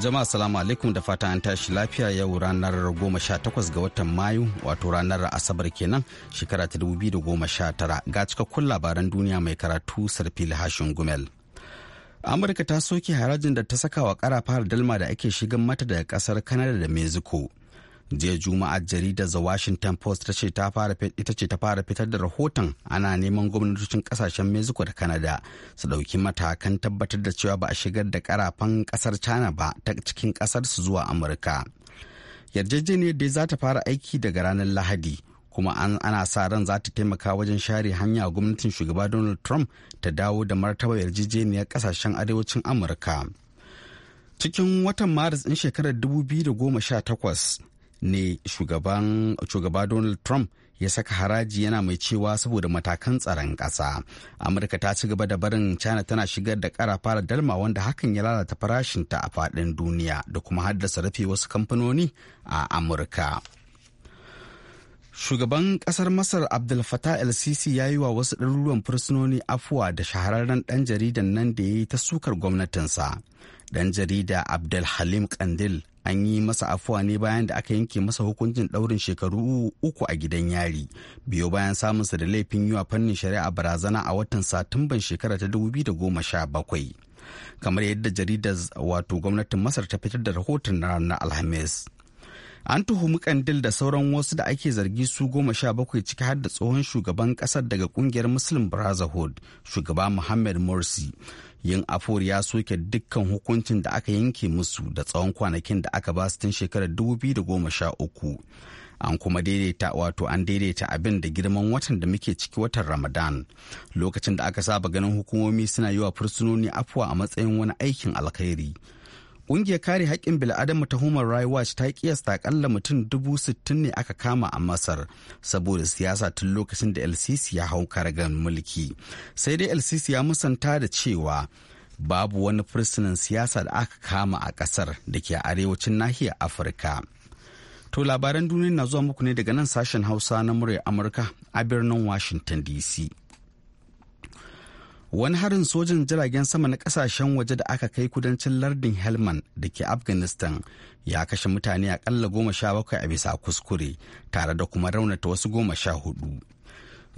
Jama'a salamu alaikum da fata an tashi lafiya yau ranar 18 ga watan Mayu wato ranar Asabar kenan shekara ta tara ga cikakkun labaran duniya mai karatu Sarfil Hashin Gumel. Amurka ta soke harajin da ta saka wa fara dalma da ake shigan mata daga kasar Canada da Mexico jiya juma'a jaridar the washington post ta ce ta fara ita ce ta fara fitar da rahoton ana neman gwamnatocin kasashen mexico da canada su ɗauki matakan tabbatar da cewa ba a shigar da karafan kasar china ba ta cikin kasar su zuwa amurka yarjejeniyar dai za ta fara aiki daga ranar lahadi kuma ana sa ran za ta taimaka wajen share hanya gwamnatin shugaba donald trump ta dawo da martaba yarjejeniyar kasashen arewacin amurka cikin watan maris ɗin shekarar 2018 ne shugaba donald trump ya saka haraji yana mai cewa saboda matakan tsaron ƙasa amurka ta ci gaba da barin china tana shigar da ƙarafa da dalma wanda hakan ya lalata farashinta a faɗin duniya da kuma haddasa rufe wasu kamfanoni a amurka shugaban ƙasar masar abdul fatah el sisi ya yi wa wasu ɗaruruwan fursunoni afuwa da shahararren ɗan jaridan nan da ya yi ta sukar gwamnatinsa Dan jarida Abdulhalim Kandil an yi masa afuwa ne bayan da aka yanke masa hukuncin ɗaurin shekaru uku a gidan yari biyo bayan samunsa da laifin yiwa fannin shari'a barazana a watan satumban shekara ta 2017 kamar yadda jaridar wato gwamnatin masar ta fitar da rahoton na ranar alhamis an tuhumi kandil da sauran wasu da ake zargi su goma sha bakwai ciki har da tsohon shugaban ƙasar daga ƙungiyar muslim brotherhood shugaba muhammad morsi yin afur ya soke dukkan hukuncin da aka yanke musu da tsawon kwanakin da aka ba su tun shekarar 2013 an kuma daidaita wato an daidaita abin da girman watan da muke ciki watan ramadan lokacin da aka saba ganin hukumomi suna yi wa fursunoni afuwa a matsayin wani aikin alkhairi Ƙungiyar kare haƙƙin bil'adama ta Human Rights Watch ta kiyasta akalla mutum dubu sittin ne aka kama a Masar saboda siyasa tun lokacin da LCC ya hau karagar mulki. Sai dai LCC ya musanta da cewa babu wani fursunan siyasa da aka kama a ƙasar da ke arewacin nahiyar Afirka. To labaran duniya na zuwa muku ne daga nan sashen Hausa na murya Amurka a birnin Washington DC. wani harin sojin jiragen sama na kasashen waje da aka kai kudancin lardin helman da ke afghanistan ya kashe mutane akalla goma sha bakwai a bisa kuskure tare da kuma raunata wasu goma sha hudu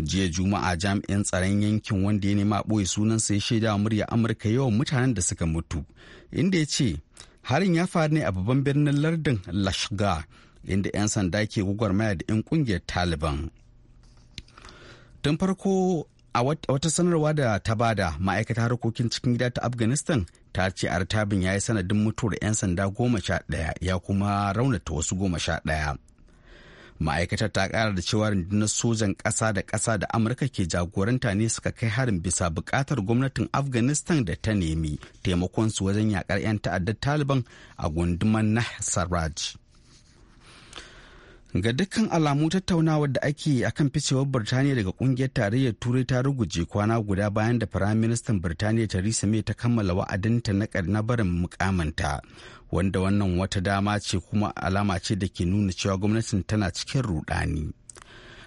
jiya juma'a jami'in tsaron yankin wanda ya nema ɓoye sunansa ya shaida wa murya amurka yawan mutanen da suka mutu inda ya ce harin ya faru ne a babban birnin lardin lashgar inda 'yan sanda ke gwagwarmaya da 'yan kungiyar taliban tun farko a wata sanarwa da ta bada ma'aikatar harkokin cikin gida ta afghanistan ta ce artabin ya yi sanadin mutuwar 'yan sanda goma sha ɗaya ya kuma raunata wasu goma sha ɗaya ma'aikatar ta kara da cewa rundunar sojan ƙasa da ƙasa da amurka ke jagoranta ne suka kai harin bisa buƙatar gwamnatin afghanistan da ta nemi taimakonsu wajen yaƙar 'yan ta'addar taliban a gundumar nahsaraj ga dukkan alamu tattaunawar da ake a kan ficewar birtaniya daga kungiyar tarayyar turai ta ruguje kwana guda bayan da Firayim Ministan birtaniya theresa may ta kammala wa'adinta na na barin mukamanta wanda wannan wata dama ce kuma alama ce da ke nuna cewa gwamnatin tana cikin rudani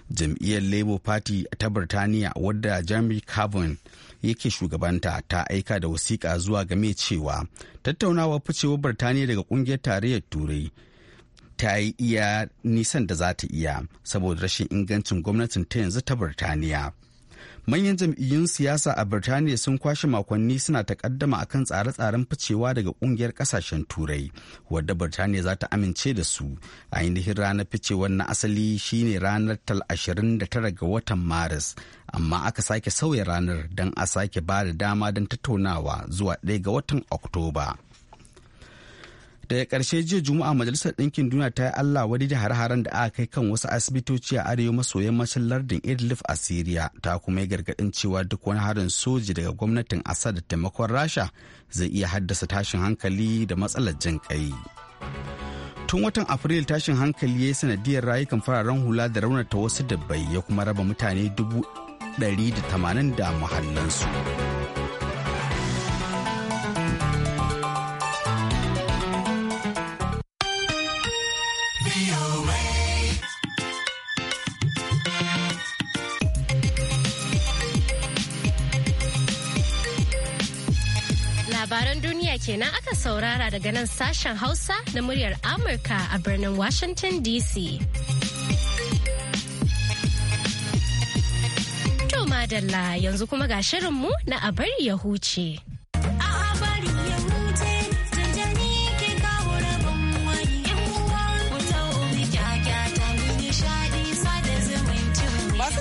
jam'iyyar labour party ta birtaniya wadda jeremy carbon yake shugabanta ta aika da wasiƙa zuwa game cewa tattaunawar ficewar birtaniya daga kungiyar tarayyar turai ta yi iya nisan da za ta iya saboda rashin ingancin gwamnatin ta yanzu ta Birtaniya. Manyan jam'iyyun siyasa a Birtaniya sun kwashe makonni suna takaddama akan tsare-tsaren ficewa daga kungiyar kasashen turai wadda Birtaniya za ta amince da su. Ainihin ranar ficewar na asali shine ranar tal 29 ga watan Maris, amma aka sake sauya ranar don a sake ba da dama don tattaunawa zuwa 1 ga watan Oktoba. daga ƙarshe jiya juma'a majalisar ɗinkin duniya ta yi allah wani da hare-haren da aka kai kan wasu asibitoci a arewa maso yammacin lardin idlib a syria ta kuma yi gargaɗin cewa duk wani harin soji daga gwamnatin assad da taimakon rasha zai iya haddasa tashin hankali da matsalar jin kai tun watan afril tashin hankali ya yi sanadiyar rayukan fararen hula da raunata wasu dabbai ya kuma raba mutane dubu ɗari da tamanin da muhallansu. kenan aka saurara daga nan sashen Hausa na muryar Amurka a birnin Washington DC. To madalla yanzu kuma ga shirinmu na a bari ya huce. A bari ya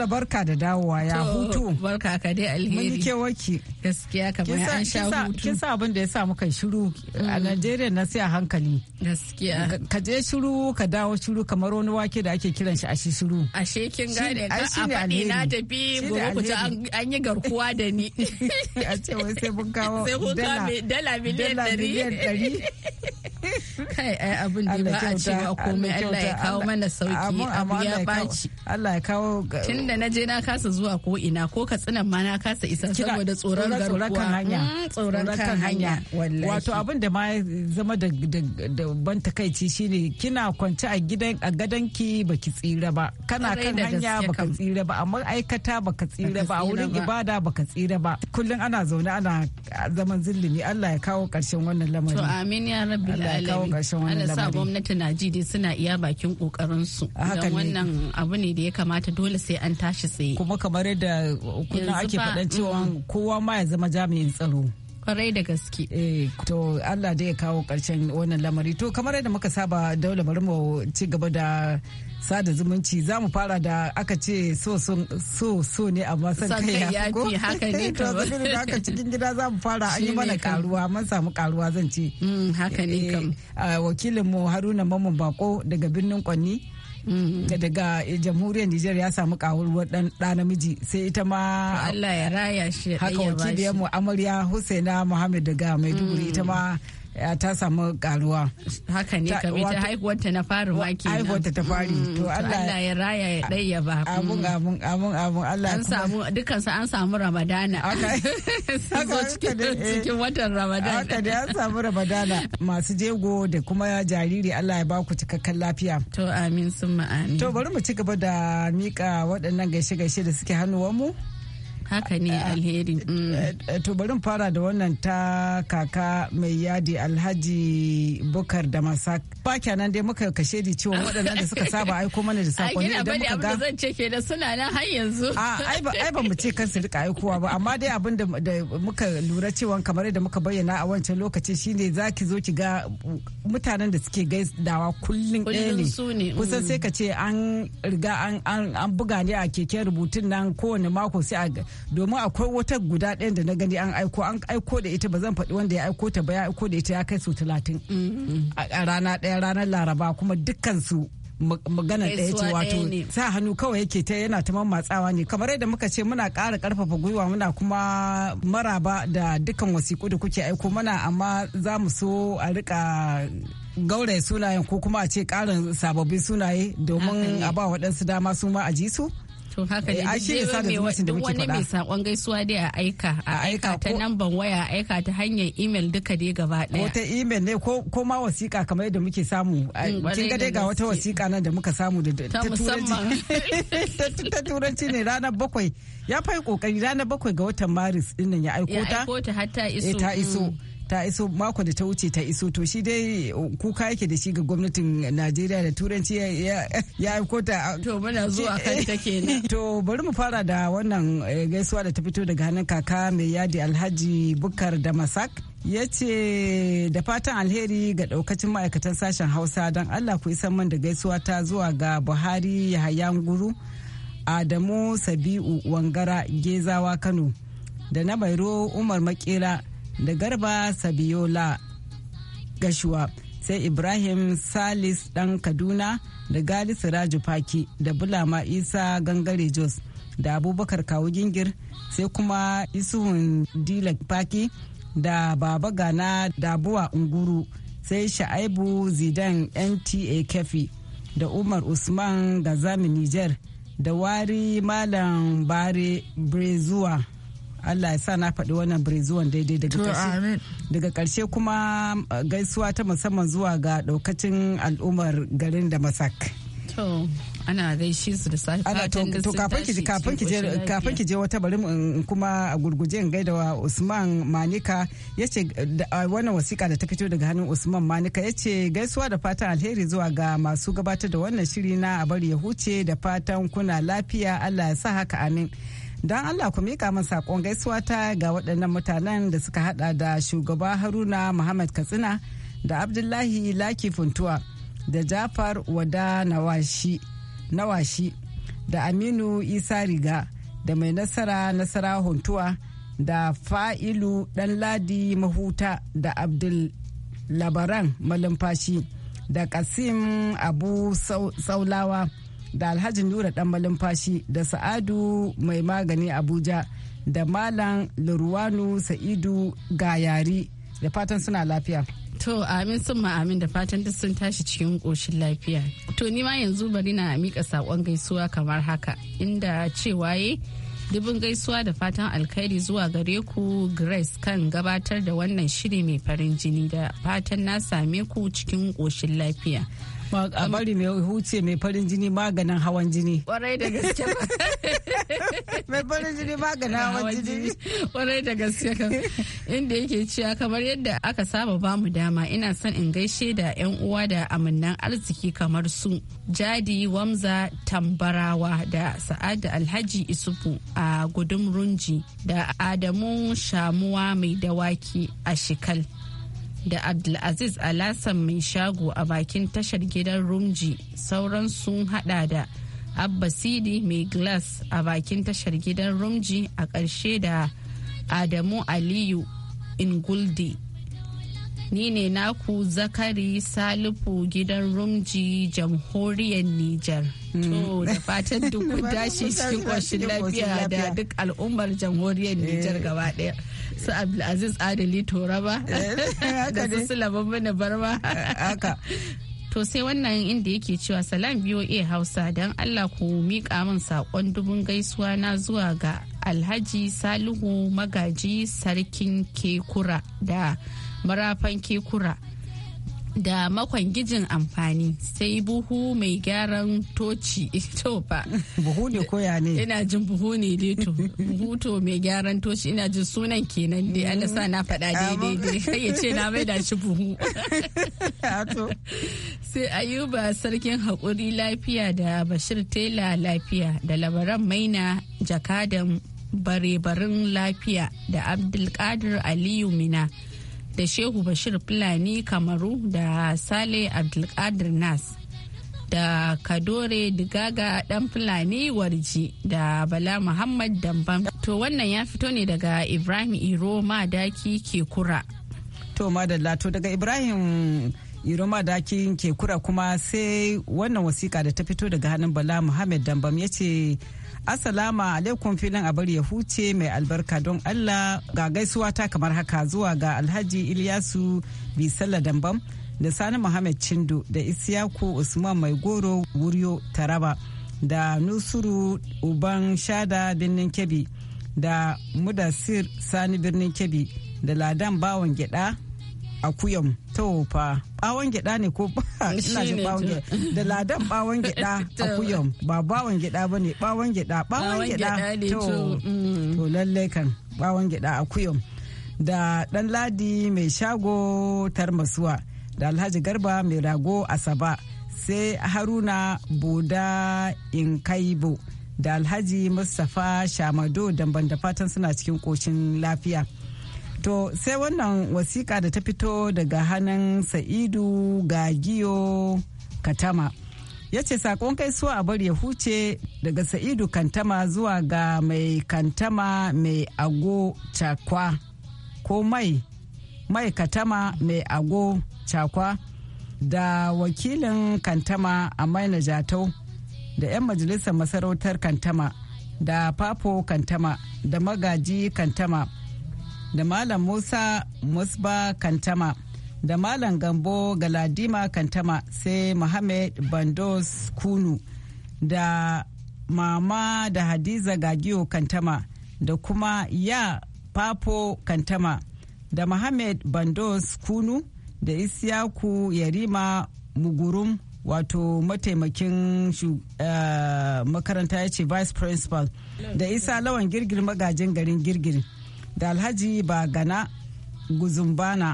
Dalla barka da dawowa ya hutu. Barka ka dai alheri. Mun kewaki. Gaskiya kamar an sha hutu. Kin sa abin da ya sa muka shiru a mm. Najeriya na sai a hankali. Gaskiya. Ka je shiru ka dawo shiru kamar wani wake da ake kiran shi a shi shiru. Ashe kin gane ka a faɗi na tafi gobe an yi garkuwa da ni. A ce wai sai mun kawo dala miliyan ɗari. kai ai abin da ba a cewa komai Allah ya kawo mana sauki abu ya baci Allah ya kawo tunda na je na kasa zuwa ko ina ko katsinan ma na kasa isa saboda tsoron garkuwa mm, tsoron kan hanya wato abin da ma zama da ban takaici shine kina kwance a gidan a gadanki baki tsira ba kana kan hanya baka tsira ba amma aikata baka tsira ba a wurin ibada baka tsira ba kullum ana zaune ana zaman zillimi Allah ya kawo karshen wannan lamarin to amin ya rabbi alamin karshen wannan labari. Ana sa gwamnati na ji dai suna iya bakin kokarin su. wannan abu ne da ya kamata dole sai an tashi tsaye. Kuma kamar yadda kuna ake faɗan cewa mm. kowa ma ya zama jami'in tsaro. kwarai da gaske. Eh, to Allah dai ya kawo ƙarshen wannan lamari. To kamar yadda muka saba daula bari mu ci gaba da sada zumunci za mu fara da aka ce so so so ne amma san kai ya ko haka ne to da cikin gida za mu fara an yi mana karuwa mun samu karuwa zan ce mm, haka ne kam eh, eh, wakilin mu Haruna Mamman Bako daga birnin Kwanni mm-hmm. daga eh, jamhuriyar Nijar ya samu kawurwar dan da namiji sai ita ma Allah ya raya shi haka wakiliyar mu Amarya Husaina Muhammad daga Maiduguri mm. ita ma ta samu karuwa. Haka ne bi ta ta na fari ma ke haihuwar ta ta fari. Mm, to Allah ya raya ya ɗaya ba. Abun abun abun abun Allah. An samu dukansu an samu Ramadana. Haka eh. cikin watan Ramadana. Haka ne an samu Ramadana. Masu jego da kuma jariri Allah ya ba ku cikakken lafiya. To amin sun amin. To bari mu ci gaba da mika waɗannan gaishe-gaishe da suke hannuwanmu. mu. haka ne eh, alheri eh, mm. eh, to bari fara da wannan ta kaka mai yadi alhaji bukar da masa. ba kenan dai muka kashe di cewa waɗannan da suka saba aiko mana da ne idan muka ga zan ce ke da suna nan har yanzu ah, a ai ba mu ce kan su rika aikowa ba amma dai abin da muka lura cewa kamar yadda muka bayyana a wancan lokaci shine zaki zo ki ga mutanen da suke dawa kullun ɗaya ne mm. kusan sai ka ce an riga an buga ne a keken rubutun nan kowane mako sai a domin akwai wata guda ɗayan da na gani an aiko an aiko da ita ba zan faɗi wanda ya aiko ta ba ya aiko da ita ya kai su talatin a rana ɗaya ranar laraba kuma dukkan su magana ɗaya ce wato sa hannu kawai yake ta yana ta mammatsawa ne kamar yadda muka ce muna ƙara ƙarfafa gwiwa muna kuma maraba da dukkan wasiƙu da kuke aiko mana amma za mu so a rika gauraya sunayen ko kuma a ce ƙarin sababbin sunaye domin a ba waɗansu dama su ma a ji su To haka ne duk wani mai saƙon gaisuwa dai a aika a aika ta namban waya a aika ta hanyar email duka dai gaba daya. Ko ta email ne ko ma wasiƙa kamar yadda muke samu. Mm, eh, kin ga dai ga wata wasiƙa nan da muka samu da ta turanci. Ta turanci ne ranar bakwai. Ya fai kokari ranar bakwai ga watan Maris dinnan ya aiko ta. Ya aiko ta har ta eh, iso. Ta mm. iso. ta iso mako da ta wuce ta iso to shi dai uh, kuka yake da shi ga gwamnatin najeriya da turanci ya kota to muna zuwa kan ta kenan to bari mu fara da wannan eh, gaisuwa da ta fito daga hannun kaka mai yadi alhaji bukar da masak ya ce da fatan alheri ga daukacin ma'aikatan sashen hausa don allah ku isan man da gaisuwa ta zuwa ga buhari yahaya guru adamu sabi'u wangara gezawa kano da na bairo umar makera da garba sabiola gashuwa sai ibrahim salis dan kaduna da gali siraju faki da bulama isa gangare jos da abubakar kawu gingir sai kuma isuhun dila faki da baba gana dabuwa unguru sai sha'aibu zidan nta kefi da umar usman gazami niger da wari malam bare brezuwa Allah ya sa na faɗi wannan brezuwan daidai daga ƙarshe. Daga ƙarshe kuma uh, gaisuwa ta musamman zuwa ga ɗaukacin al'ummar garin da Masak. To, ana gaishe su da safe. to kafin ki je kafin ki je wata bari in kuma a gurguje in gaida wa Usman Manika ya ce wannan wasiƙa da ta fito daga hannun Usman Manika ya ce gaisuwa da fatan alheri zuwa ga masu gabatar da wannan shiri na a bari ya huce da fatan kuna lafiya Allah ya sa haka amin. don allah ku mika min saƙon gaisuwa ta ga waɗannan mutanen da suka hada da shugaba haruna muhammad katsina da abdullahi laki funtuwa da jafar wada nawashi, da aminu isa riga da mai nasara nasara huntuwa da fa'ilu ɗanladi mahuta da abdul labaran malumfashi da kasim abu saulawa da alhaji nura dan malumfashi da sa'adu mai magani abuja da malam laruwanu sa'idu gayari da fatan suna lafiya To amin sun amin da fatan duk sun tashi cikin ƙoshin lafiya. To ni ma yanzu bari na mika saƙon gaisuwa kamar haka inda cewa ye dubin gaisuwa da fatan alkhairi zuwa gare ku Grace kan gabatar da wannan shiri mai farin jini da fatan na same ku cikin ƙoshin lafiya. a bari mai huce mai farin jini maganin hawan jini kwarai da gaske mai farin jini maganin hawan jini kwarai da gaske kan inda yake cewa kamar yadda aka saba ba mu dama ina son in gaishe da yan uwa da amannan arziki kamar su jadi wamza tambarawa da Sa'ad alhaji isufu a gudun runji da adamu shamuwa mai dawaki a shikal da abdulaziz alasan mai shago a bakin tashar gidan rumji sauran sun hada da abba mai glass a bakin tashar gidan rumji a ƙarshe da adamu aliyu inguldi ni ne naku zakari salifu gidan rumji jamhuriyar niger hmm. to da fatan duk dashi shi cikin ƙoshin lafiya da duk al'ummar jamhuriyar niger eh. gaba daya. su abdulaziz adali toraba eh, da su sulaban mana barba eh, to sai wannan inda yake cewa salam a Hausa don Allah ku miƙa min saƙon dubun gaisuwa na zuwa ga Alhaji Salihu Magaji Sarkin Kekura da Marafan Kekura da makon gijin amfani sai buhu mai gyaran toci to ba buhu ne koya ne ina jin buhu ne leto buhu to mai gyaran toci ina jin sunan kenan dai Allah sa na faɗa daidai mm. dai sai ya ce na mai da shi buhu sai ayuba sarkin hakuri lafiya da bashir tela lafiya da labaran maina jakadan barebarin lafiya da abdulkadir aliyu mina da shehu bashir fulani kamaru da sale abdulkadir nas da kadore digaga dan fulani warji da bala muhammad damban to wannan ya fito ne daga ibrahim iro madaki ke kura to madalla to daga ibrahim iro madaki ke kura kuma sai wannan wasiƙa da ta fito daga hannun bala muhammad dambam ya ce Assalamu alaikum filin a bari ya huce mai albarka don Allah ga gaisuwa ta kamar haka zuwa ga Alhaji Ilyasu Bisalla Dambam da Sani Muhammad Chindo da Isiyaku Usman Mai Goro Wuryo Taraba da Nusuru Uban Shada Birnin Kebbi da Mudasir Sani Birnin Kebbi da Ladan Bawon Gyada akuyam ta fa bawon gida ne ko ba ina jin bawon gida da ladan bawon gida akuyam ba bawon gida ne bawon gida bawon gida to lallai lalle kan bawon gida akuyam da dan ladi mai shago tarmasuwa da alhaji garba mai rago asaba sai haruna boda inkaibo da alhaji mustapha shamado dambanda fatan suna cikin koshin lafiya To sai wannan wasiƙa da ta fito daga hannun Sa'idu Gagiyo Katama. Ya ce saƙon kai gaisuwa a bari ya huce daga Sa'idu Kantama zuwa ga mai Kantama mai ago cakwa ko mai mai Katama mai ago cakwa da wakilin Kantama a maina jatau da 'yan majalisar masarautar Kantama da Papo Kantama da magaji Kantama. da Malam Musa Musba Kantama da Malam Gambo Galadima Kantama sai Mohammed Bandos Kunu da Mama da Hadiza Gagiyo Kantama da kuma ya Papo Kantama da Mohammed Bandos Kunu da Isiyaku Yarima Mugurum wato mataimakin uh, makaranta ya ce vice principal da isa lawan girgir magajin garin girgir da alhaji bagana guzumbana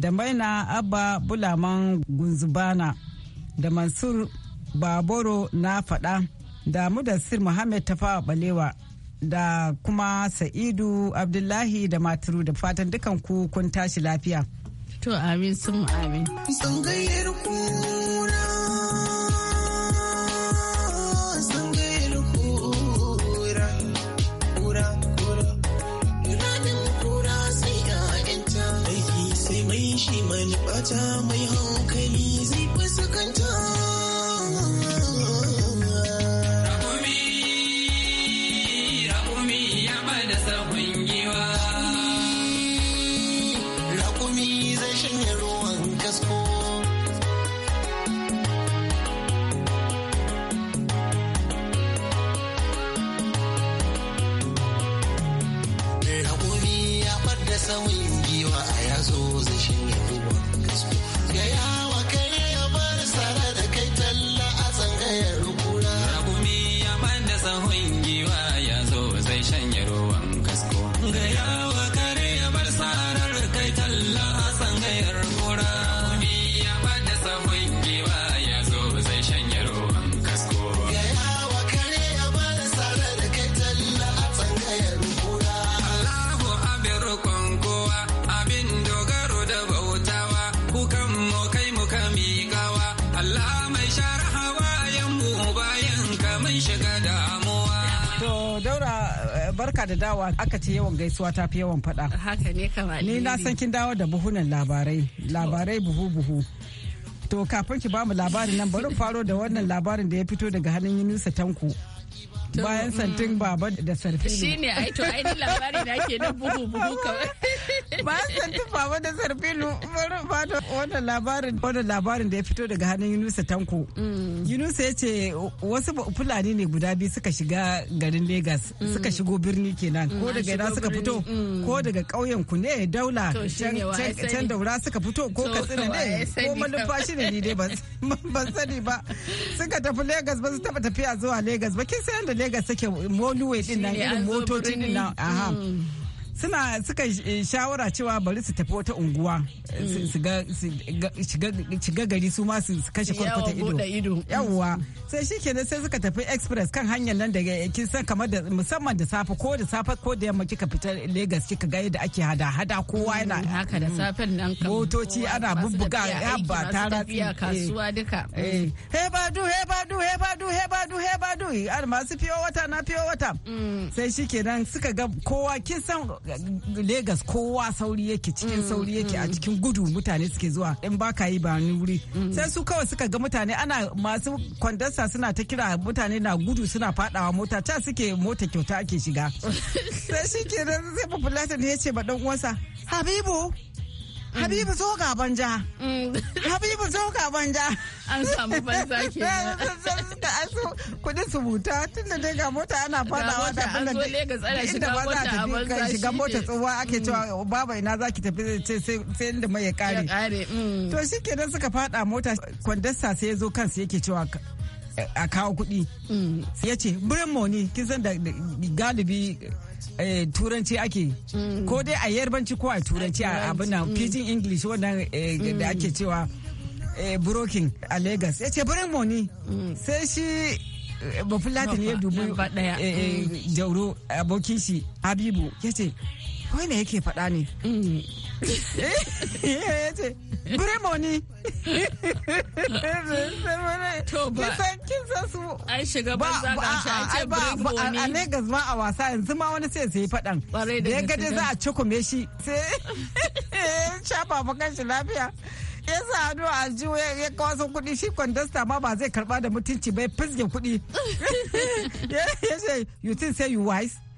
da maina abba bulaman guzumbana da mansur baboro na faɗa da mudassir muhammad tafawa balewa da kuma sa'idu abdullahi da maturu da fatan dukan ku kun tashi lafiya to amin sun amin barka da dawa aka ce yawan gaisuwa ta fi yawan faɗa. Haka ne kama Ni na san kin dawo da buhunan labarai, labarai buhu-buhu. To kafin ki bamu labarin nan bari faro da wannan labarin da ya fito daga hannun Yunusa Tanko. Bayan santin mm. baba da sarfi. Shi ne ai to ai labarin da ake na buhu-buhu kawai. ba san tufa sarfilu ba da wannan labarin labarin da ya fito daga hannun Yunusa Tanko. Mm. Yunusa ya ce wasu Fulani ne guda biyu suka shiga garin Legas mm. suka shigo birni kenan mm. ko daga yana suka fito ko daga ƙauyen ku ne daula can daura suka fito ko katsina ne ko malumfashi ne ni dai ban sani ba suka tafi Legas ba su taba tafiya zuwa Legas ba kin san da Legas take moluwe din nan irin motocin nan suna suka eh, shawara cewa bari su tafi wata unguwa shiga gari su ma su kashe kwarkwata ido yawwa sai shi kenan sai suka tafi express kan hanyar nan daga eh, kin san kamar da musamman da safe ko da safe ko da yamma kika fita Lagos kika ga yadda ake hada hada kowa yana mm, haka da safen nan kan motoci ana bubbuga ya ba tara kasuwa eh, duka he badu he badu he badu he badu he badu ar masu fiyo wata na fiyo wata mm. sai shi kenan suka ga kowa kin san Legas kowa sauri yake cikin mm, sauri yake a mm. cikin gudu mutane suke zuwa in ba ka yi ba ni wuri. Mm. Sai su kawai suka ga mutane ana masu kwandasa suna ta kira mutane na gudu suna fadawa mota ta suke mota kyauta ake shiga. Sai shi kenan sai ne ya ce ba dan uwansa Habibu Habibu zo ga banja. Mm. Habibu zo ga banja. An samu banza ke. Eh, Kudin su buta tun da dai ga mota ana fadawa da abin da inda ba za ta fi kan shiga mota tsohuwa ake mm. cewa baba ina za ki tafi sai inda mai ya kare. Mm. To shi kenan suka fada mota kwandasta sai ya zo kansu yake cewa a kawo kuɗi. Ya ce, Birin Moni, kin san da galibi Eh, turanci ake mm. ko dai a yarbanci ko a turanci a abin mm. pidgin english wannan eh, da mm. ake cewa eh, broking a Legas. ya ce bring money sai shi bafulatin ya dubu jauro abokin shi habibu ya ce kawai ne yake faɗa ne ya ga a wasa yanzu ma wani sai sai fadan da ya gaje za a shi sai shafa lafiya ya sa hannu a ya kawo kuɗi shi kwandasta ma ba zai karba da mutunci bai fizge kuɗi ya ce you think say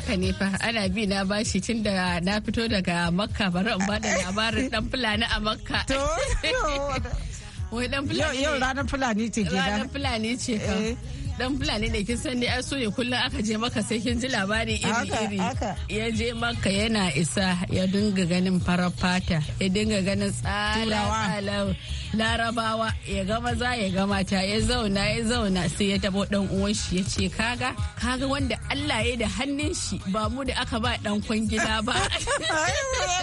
haka ne fa ana bi na bashi tun da na fito daga makka bari in bada labarin dan fulani a makka to wai dan fulani yau ranar fulani ce ranar fulani ce ka dan fulani ne kin san ne ai so ne kullum aka je maka sai kin ji labari iri iri ya je maka yana isa ya dinga ganin farar fata ya dinga ganin tsala larabawa ya ga maza ya ga mata ya zauna ya zauna sai ya tabo dan uwan shi ya ce kaga kaga wanda Allah ya da hannun shi ba mu da aka ba dan kwangila ba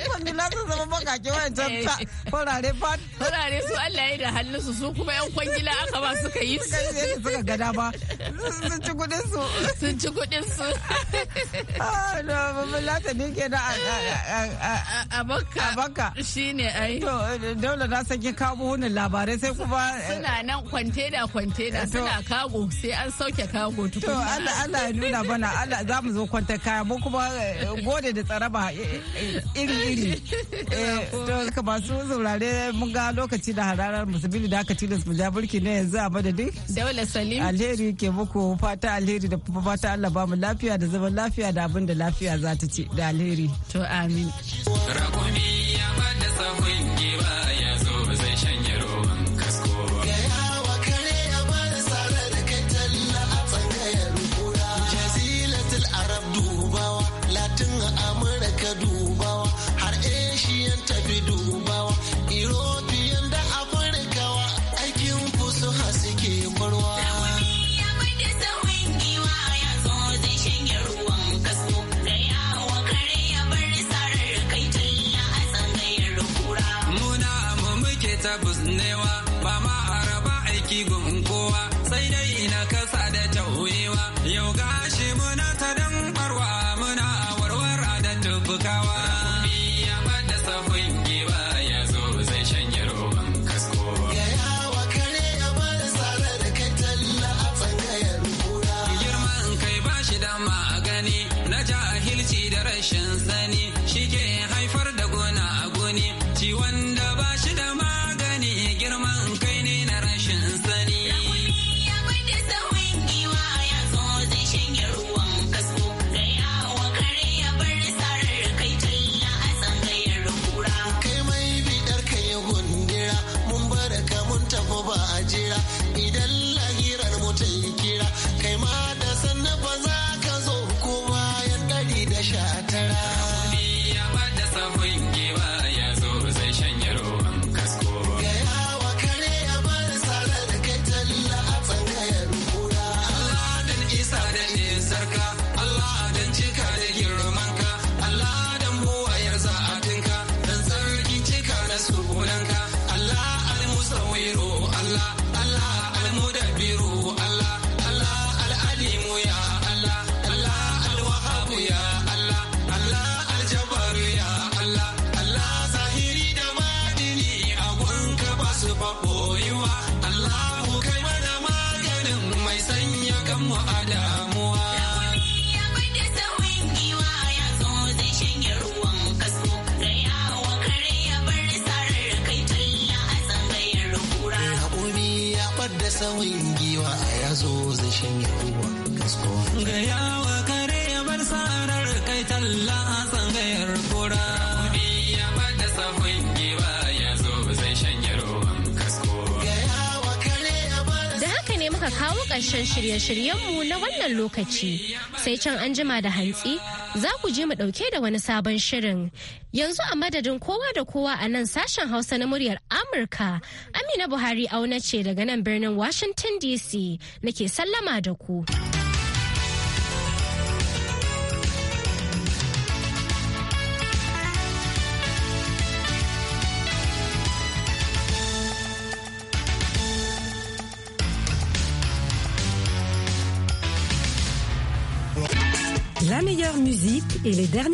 kwangila su zama bakake wancan eh. farare fat su Allah ya da hannun su su kuma yan kwangila aka ba suka yi su suka gada ba sun ci kudin su sun ci kudin su da ah, babu lata ne ke da a bakka a bakka shine ai to dole na sake kawo wannan labarai sai kuma eh. suna nan kwante da suna kago sai an sauke kago to Allah Allah ya nuna bana Allah za mu zo kwanta kaya mu kuma eh, gode da tsaraba eh, iri iri to ka masu saurare mun ga lokaci da hararar musubili da aka tilas mu ja burki ne yanzu a madadin dole salim alheri ke muku fata alheri da fata Allah ba mu lafiya da zaman lafiya da abin da lafiya za ta ce da alheri. To amin. ya sauyin giwa a yazo zai shanye ruwa kasko ga yawa kare ya bar sarar kai talla a tsangayar kura ya da haka ne muka kawo ƙarshen shirye-shiryenmu na wannan lokaci sai can anjima da hantsi za ku je mu ɗauke da wani sabon shirin. Yanzu a madadin kowa da kowa a nan sashen Hausa na muryar Amurka, Amina Buhari auna ce daga nan birnin Washington DC nake sallama da ku. la meilleure musique et les dernières